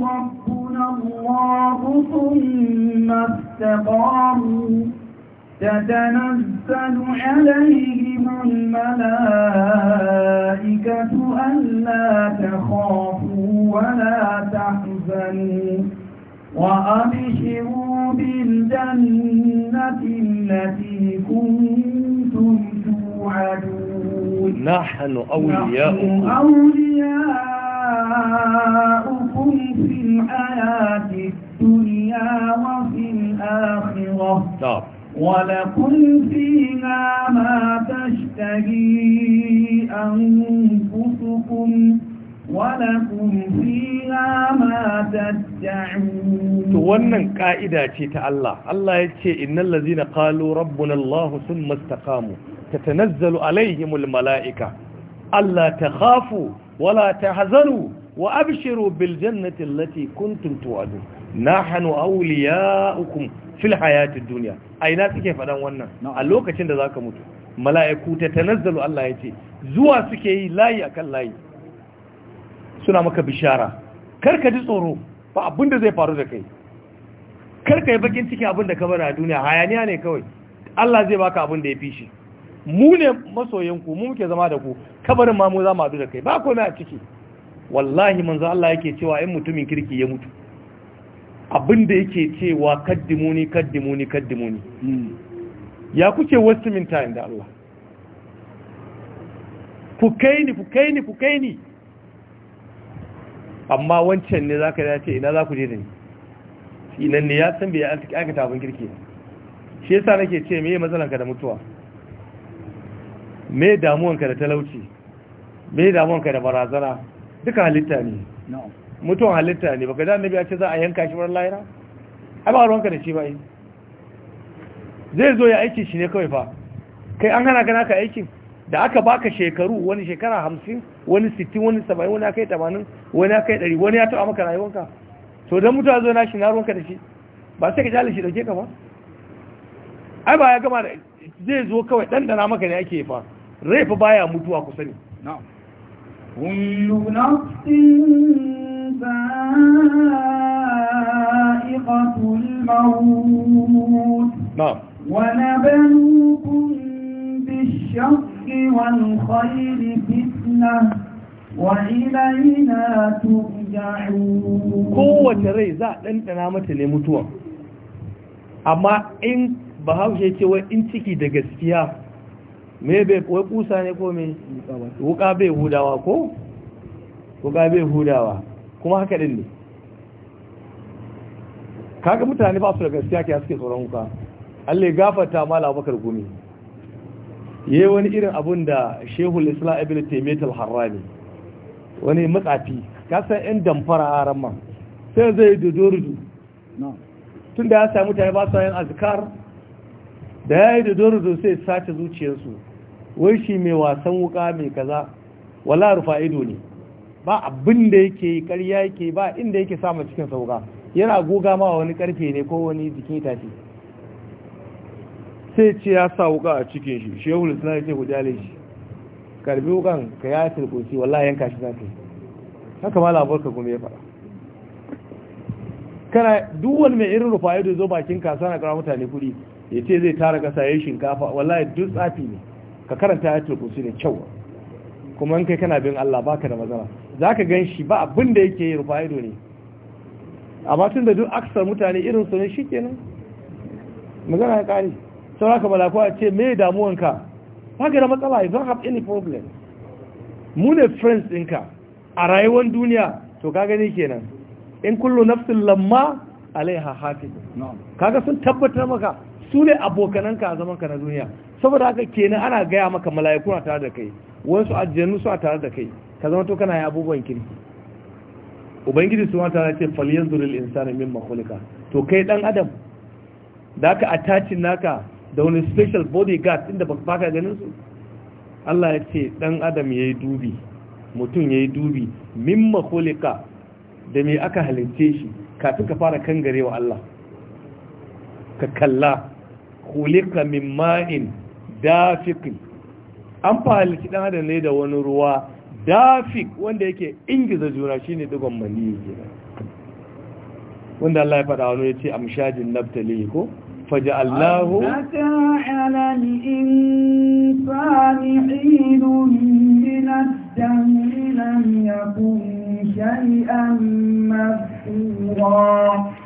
rabbuna allah thumma تتنزل عليهم الملائكة ألا تخافوا ولا تحزنوا وأبشروا بالجنة التي كنتم توعدون نحن أولياؤكم نحن أولياؤكم في الحياة الدنيا وفي الآخرة طب. نعم. ولكم فيها ما تشتهي أنفسكم ولكم فيها ما تدعون to wannan ka'ida ce ta Allah Allah yace innal ladzina qalu rabbuna Allah thumma istaqamu tatanazzalu alaihimul malaika alla takhafu wala tahzanu wa abshiru bil jannati allati kuntum tu'adun auliya awliya'ukum fil hayatid duniya. a ina suke faɗan wannan a lokacin da zaka mutu mala'iku ta tanazzalu Allah ya ce zuwa suke yi layi akan layi suna maka bishara karka ji tsoro ba abin zai faru da kai karka yi bakin ciki abin ka bari a duniya hayaniya ne kawai Allah zai baka abin da ya fi shi mu ne masoyanku mu muke zama da ku kabarin ma mu za mu da kai ba komai a ciki wallahi manzo Allah yake cewa in mutumin kirki ya mutu abinda yake cewa kaddimuni kaddimuni kaddimuni hmm. ya kuke wasu min time da Allah ku kai ni ku kai ni ku kai ni amma wancan ne za ka ya ce ina za ku je da ni inan ne ya san bai aka tafin kirki shi yasa nake ce me matsalanka da mutuwa me damuwanka da talauci me damuwanka da barazana duka halitta ne mutum halitta ne baka zai nabi a ce za a yanka shi wurin layina? a ba ruwanka da shi ba eh. zai zo ya aiki shi ne kawai fa kai an hana gana ka aikin da aka baka shekaru wani shekara hamsin wani sittin wani saba'in wani aka yi tamanin wani aka yi ɗari wani ya taɓa maka rayuwanka to don mutuwa zo na shi na ruwanka da shi ba sai ka jale shi dauke ka ba ai ba ya gama da zai zo kawai ɗanɗana maka ne ake fa rai fa baya mutuwa ku sani كل نفس ذائقة الموت نعم ونبلوكم بالشر والخير فتنة وإلينا ترجعون قوة ريزة لن تنامت لمتوى أما إن bahaushe cewa in ciki da gaskiya me be kuwa kusa ne ko me wuka bai hudawa ko wuka bai hudawa kuma haka din ne kaga mutane ba su da gaskiya ke suke tsoron wuka Allah ya gafarta mala Abubakar gumi ye wani irin abun da Sheikhul Islam Ibn Taymiyyah al-Harrani wani matsafi san yan damfara a man. sai zai dudurdu rudu tunda ya sa mutane ba su yin azkar da ya yi da dorodo sai sace zuciyarsu wai shi mai wasan wuka mai kaza wala rufa ido ne ba abin da yake yi karya yake ba inda yake samun cikin sauka yana goga ma wani karfe ne ko wani jikin tafi sai ce ya sa wuka a cikin shi shehul suna ce ku ne shi karbi wukan ka ya turkusi wala yanka shi yi. haka ma ka kuma ya faɗa kana duk wani mai irin rufa ido zo bakin kasa na kara mutane kuɗi ya ce zai tara kasa ya yi shinkafa wallahi duk tsafi ne ka karanta ya su ne kyau kuma in kai kana bin Allah baka da mazana za ka gan shi ba abin da yake yi rufa ido ne amma tun da duk aksar mutane irin su ne shi nan magana ya kari saura ka malaku a ce mai damuwanka ba ka da matsala you don't have any problem mu ne friends ɗinka a rayuwar duniya to ka gani kenan in kullu nafsin lamma alaiha hafi kaga sun tabbatar maka su ne abokananka a zaman ka na duniya saboda haka kenan ana gaya maka mala'iku na tare da kai wasu su a tare da kai ka zama to kana yi abubuwan kirki ubangiji su mata na ce falyan zurin insani min makulika to kai dan adam da aka attachin naka da wani special bodyguard inda ba ka ganin su Allah ya ce dan adam ya yi dubi mutum ya yi dubi min makulika da me aka halitte shi kafin ka fara kangarewa Allah ka kalla kulika min ma'in dafiq an fahimci dan adam ne da wani ruwa dafiq wanda yake ingiza juna shine digon maniyi wanda Allah ya fada wani yace amshajin naftali ko faja'allahu mata'alan insani hinun min ad-dami lam yakun shay'an mafura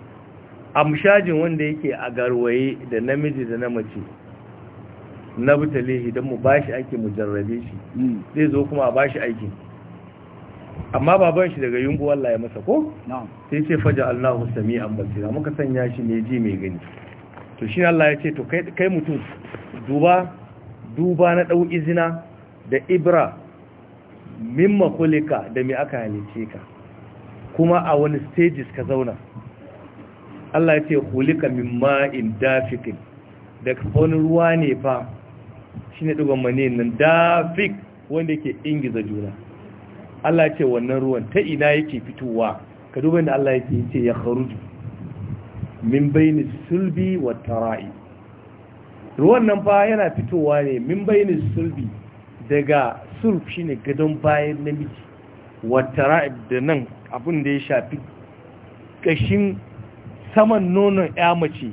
A mushajin wanda yake a garwaye da namiji da namace na shi don mu bashi aiki mu jarrabe shi hmm. zai zo kuma a bashi aiki amma baban shi daga yumbu ya masa ko sai ce faja Allahu sami'an basira muka sanya shi ne ji mai gani to shi Allah ya ce to kai mutum duba duba na ɗau izina da ibra min makulika da mai aka halice ka kuma a wani stages ka zauna Allah ya ce hulika min ma'in dafiqin daga wani ruwa ne fa shine dugan mane nan dafiq wanda yake ingiza juna Allah ya ce wannan ruwan ta ina yake fitowa ka duba inda Allah ya yace ya kharuju min bayni sulbi wa tara'i ruwan nan fa yana fitowa ne min bayni sulbi daga sulb shine gadon bayan namiji wa tara'i da nan abin da ya shafi kashin saman nonon ya mace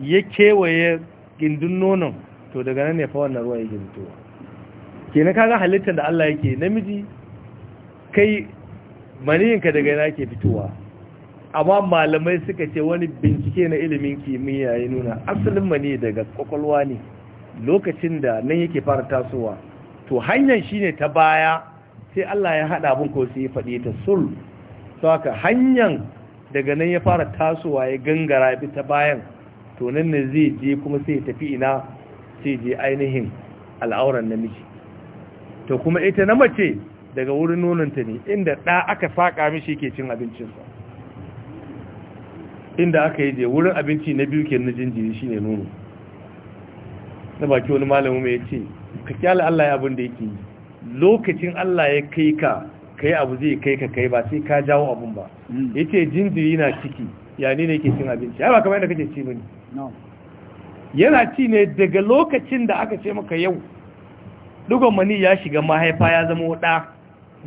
ya kewaye gindin nonon to daga nan ne fa wannan ruwa ya ginditowa kenan kaga halittar da Allah yake namiji kai maniyinka daga yana ke fitowa amma malamai suka ce wani bincike na ilimin kimiyya ya nuna asalin mani daga kwakwalwa ne lokacin da nan yake fara tasowa to hanyar shi ne ta baya sai Allah ya haɗa abin ko sai ya faɗi ta sul haka hanyar daga nan ya fara tasowa ya gangara bi ta bayan to nan ne zai je kuma sai ya tafi ina sai je ainihin al'auran namiji to kuma ita na mace daga wurin nononta ne inda ɗa aka saƙa mishi ke cin abincinsa inda aka yi je wurin abinci na biyu ke na jinjiri shi ne nono na baki wani malamu mai ce ka kyala Allah ya abin da yake yi lokacin Allah ya kai ka kai abu zai kai ka kai ba sai ka jawo abun ba mm. yace jinjiri na ciki ya ne ne yake cin abinci ai ba kamar yadda kake ci bane yana ci ne daga lokacin da aka ce maka yau dugon mani ya shiga mahaifa ya zama wuɗa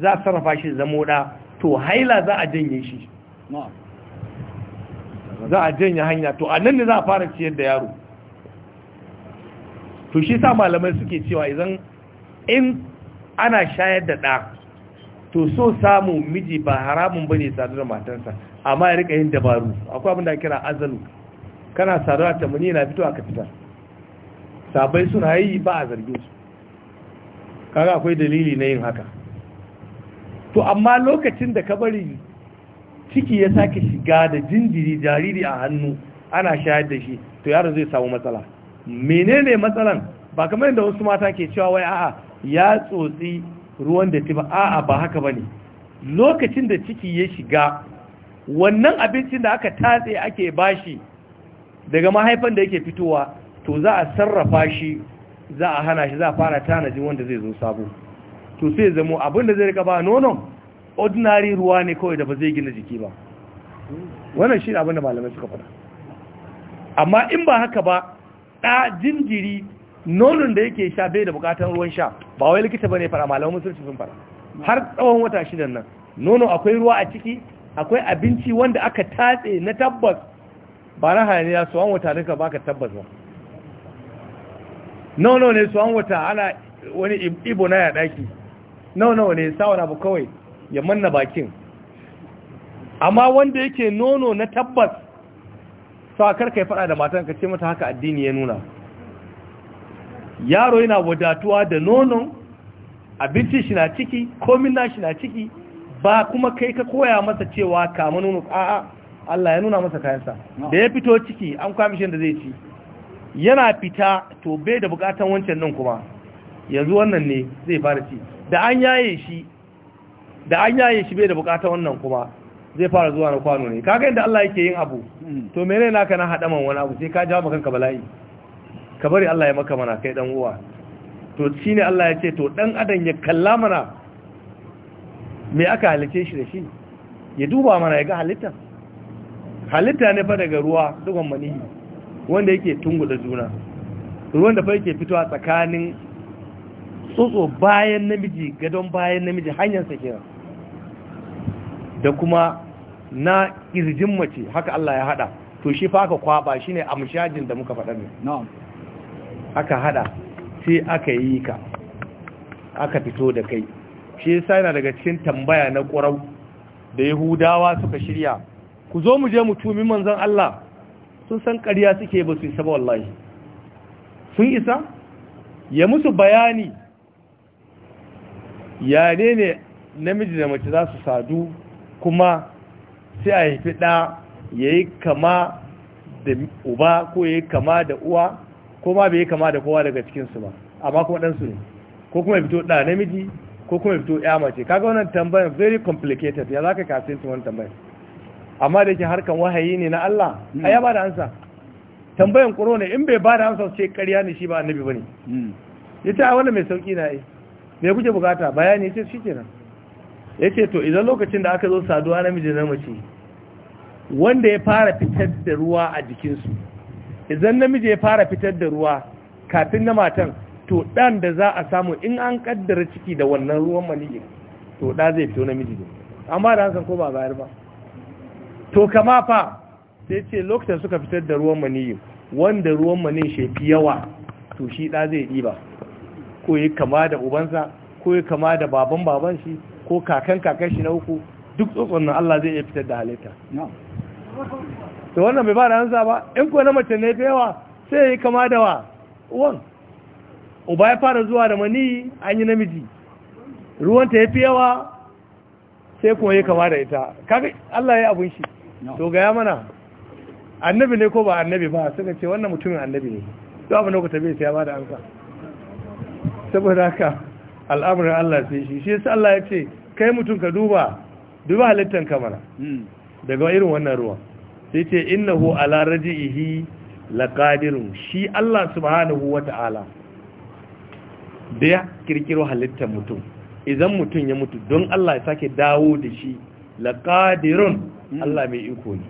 za a sarrafa shi zama wuɗa to haila za a janye shi za a janye hanya to a nan ne za a fara ciyar da yaro to shi sa malamai suke cewa idan in ana shayar da ɗa to so samu miji ba haramun ba ne da matansa amma ya rika yin dabaru akwai abin da kira azalu kana saduwa ta muni na fito aka fitar sabai suna yi ba a zargin su kaga akwai dalili na yin haka to amma lokacin da ka bari ciki ya sake shiga da jinjiri jariri a hannu ana shayar da shi to yaro zai samu matsala menene matsalan ba kamar yadda wasu mata ke cewa wai a'a ya tsotsi ruwan da ba a'a ba haka bane lokacin da ciki ya shiga wannan abincin da aka tatse ake bashi daga mahaifan da yake fitowa to za a sarrafa shi za a hana shi za a fara tanajin wanda zai zo sabo to sai zamo abin da zai ba nonon ordinary ruwa ne kawai da ba zai gina jiki ba wannan shi abin da malamai suka faɗa amma in ba haka ba ɗa jinjiri nonon da yake sha bai da bukatar ruwan sha ba wai likita bane fara sun musulunci sun fara har tsawon wata shidan nan nono akwai ruwa a ciki akwai abinci wanda aka tatse na tabbas ba na hanyar su an wata duka ka tabbas ba nono ne su an wata ana wani ibo na ya daki nono ne sawa na bu kawai ya manna bakin amma wanda yake nono na tabbas sa karka ya fada da matan ka ce mata haka addini ya nuna yaro yana wadatuwa da nonon abinci shi na ciki komin na shi na ciki ba kuma kai ka koya masa cewa kama nono a'a Allah ya nuna masa kayansa da ya fito ciki an kwamishin da zai ci yana fita to bai da bukatan wancan nan kuma yanzu wannan ne zai fara ci da an yaye shi da an yaye shi bai da bukatan wannan kuma zai fara zuwa na kwano ne kaga inda Allah yake yin abu hmm. to menene naka na hadaman wani abu sai ka jawo kanka bala'i ka bari Allah ya maka mana kai dan uwa to shi ne Allah ya ce to dan adam ya kalla mana me aka halice shi da shi ya duba mana ya ga halitta halitta ne fa daga ruwa dukan manihi wanda yake tunguda juna ruwan da fa yake fitowa tsakanin tsotso bayan namiji gadon bayan namiji hanyar sa kenan da kuma na ƙirjin mace haka Allah ya hada to shi fa aka kwaba shine amshajin da muka faɗa ne na'am aka hada sai aka yi ka aka fito da kai shi yasa yana daga cikin tambaya na ƙurau da yahudawa suka shirya ku zo mu je mu tumi manzon Allah sun san ƙarya suke ba su isa ba wallahi sun isa ya musu bayani ya ne ne namiji da mace za su sadu kuma sai a haifi ɗa ya yi kama da uba ko ya yi kama da uwa ko ma bai kama da kowa daga cikinsu ba amma kuma su ne ko kuma fito ɗa namiji ko kuma fito ya mace kaga wannan tambayar very complicated ya zaka ka kasance wannan tambayar amma da yake harkan wahayi ne na Allah mm. ai ya bada ansa tambayan kuro ne in bai bada ansa ce ƙarya ne shi ba annabi ba ne mm. ya ce a wannan mai sauƙi na ai me kuke bukata bayani ya ce shi kenan ya ce to idan lokacin da aka zo saduwa namiji na mace wanda ya fara fitar da ruwa a jikinsu idan namiji ya fara fitar da ruwa kafin na matan to ɗan da za a samu in an kaddara ciki da wannan ruwan maniyin to ɗa zai fito namiji ne amma da hankali ko ba bayar ba to kama fa sai ce lokacin suka fitar da ruwan maniyin wanda ruwan shi fi yawa to shi ɗa zai ɗiba ko yi kama da ubansa ko yi kama da baban baban shi ko kakan kakan shi na uku duk tsotsonin Allah zai iya fitar da halitta to wannan bai ba da hansa ba in kuwa na mace ne fi yawa sai ya yi kama da wa uwan uba ya fara zuwa da mani an yi namiji ruwanta ya fi yawa sai kuma ya kama da ita kaga Allah ya abun shi to gaya mana annabi ne ko ba annabi ba suka ce wannan mutumin annabi ne to abin da ku bai sai ya ba da hansa saboda haka al'amuran Allah sai shi shi sai Allah ya ce kai mutum ka duba duba halittanka kamara hmm. daga irin wannan ruwan sai ce innahu ala raji'ihi laqadirun shi Allah subhanahu wata'ala da ya kirkiro halittar mutum idan mutum ya mutu don Allah ya sake dawo da shi laqadirun hmm. Allah mai iko ne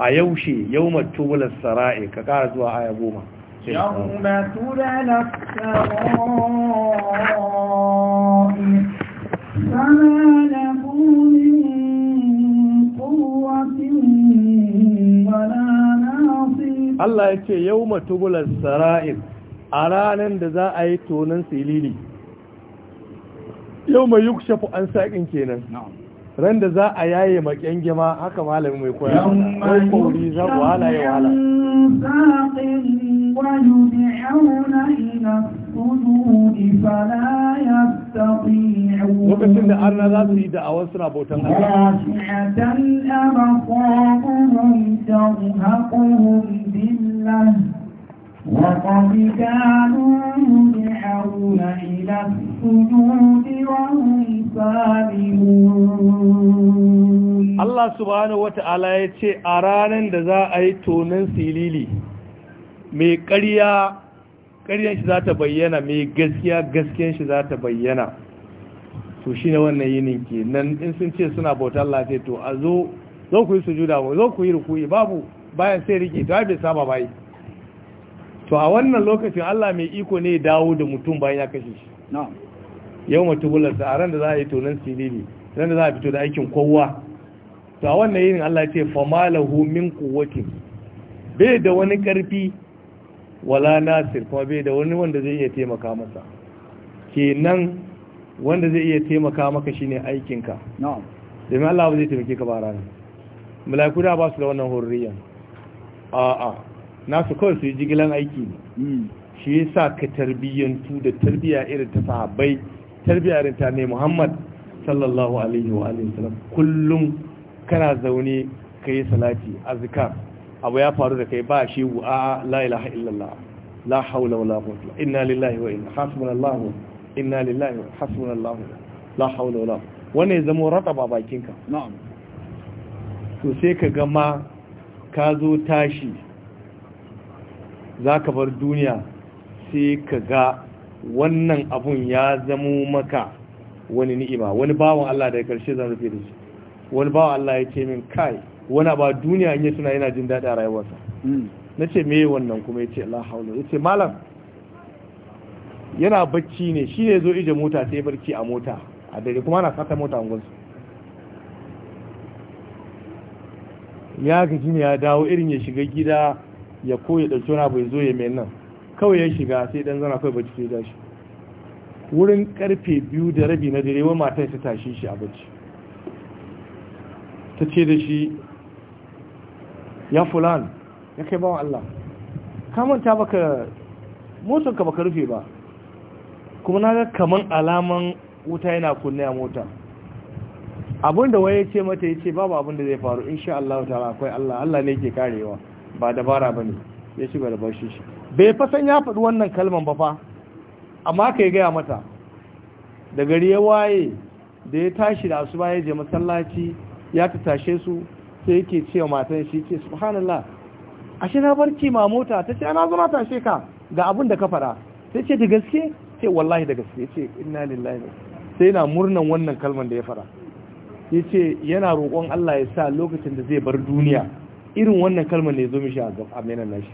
a yaushe yawmat tubulas sara'i ka kara zuwa aya goma يوم Allah ya ce yau matubular sara'in a ranar da za a yi tonin silili yau mai yi shafi an saƙin kenan ran da za a yaye maƙyan gima haka malami mai koya ko kori za ku halaye wahala lokacin da arna za su yi da awon suna bautan Allah subhanahu wa ta'ala ya ce a ranar da za a yi tonin silili mai ƙariya ƙaryan shi za ta bayyana mai gaskiya gaskiyan shi za ta bayyana to shi ne wannan yinin ke nan in sun ce suna bautar lafiya to a zo zo ku yi sujuda mu zo ku yi rukuyi babu bayan sai rike to bai saba bayi to a wannan lokacin Allah mai iko ne dawo da mutum bayan ya kashe shi yau mutum bulansa a ran da za a yi tonon sirili ran da za a fito da aikin kowa to a wannan yinin Allah ce famalahu min quwwatin bai da wani karfi wala nasir kuma bai da wani wanda zai iya taimaka masa kenan wanda zai iya taimaka maka shine aikinka domin Allah ba zai taimake ka ba ranar mulaiku da ba su da wannan horiyyar. a'a nasu kawai su yi jigilan aiki ne mm. shi ya sa ka tarbiyyantu da tarbiyya irin ta sahabbai tarbiyya irin ta ne Muhammad sallallahu alaihi wa alihi wasallam kullum kana zaune ka yi salati azkar abu ya faru da kai ba shi a la ilaha illallah la haula wala quwwata inna lillahi wa inna hasbunallahu inna lillahi wa hasbunallahu la haula wala wannan ya zama rataba bakinka na'am to sai ka ga ma ka zo tashi zaka bar duniya sai ka ga wannan abun ya zamo maka wani ni'ima wani bawan Allah da karshe zan rufe da shi wani bawan Allah ya ce min kai wani ba duniya in yi suna yana jin daɗi a rayuwarsa hmm. na ce me wannan kuma ya ce Allah haula ya ce malam yana bacci ne shi ne zo ije mota sai barci a mota a dare kuma na sata mota a gwansu ya gaji ne ya dawo irin ya shiga gida ya koya ɗauki wani abu ya zo ya mai nan kawai ya shiga sai dan zana kawai bacci sai tashi wurin karfe biyu da rabi na dare wa matar ta tashi shi a bacci ta ce da shi ya fulani ya kai bawan Allah ka manta baka motarka baka rufe ba kuma na ga kaman alaman wuta yana kunne a mota abinda wai ya ce mata ya ce babu abinda zai faru insha Allah ta akwai Allah Allah ne ke karewa ba dabara ba ne ya ci gaba da bashi shi bai fa ya faɗi wannan kalman ba fa amma ka yi gaya mata da gari ya waye da ya tashi da asuba ya je masallaci ya ta tashe su sai yake cewa matan shi ce subhanallah ashe na barci ma mota ta ce ana zama tashe ka ga abin da ka fara sai ce da gaske ce wallahi da gaske ce inna lillahi sai yana murnan wannan kalman da ya fara yace yana roƙon Allah ya sa lokacin da zai bar duniya irin wannan kalman ne ya zo mishi a amenan nashi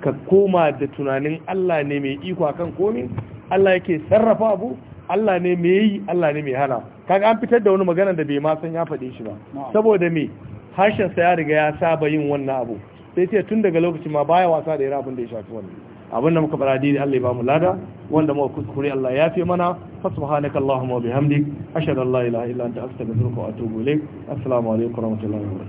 ka koma da tunanin Allah ne mai iko akan komai Allah yake sarrafa abu Allah ne mai yi Allah ne mai hana kaga an fitar da wani magana da bai ma san ya faɗe shi ba saboda me harshensa ya riga ya saba yin wannan abu sai ce tun daga lokaci ma baya wasa da yara abin da ya shafi wannan abin da muka fara dini Allah ya ba mu lada wanda muka kuskure Allah ya fi mana fa subhanaka allahumma wa bihamdik ashhadu an la ilaha illa anta astaghfiruka wa atubu ilaik assalamu alaikum wa rahmatullahi wa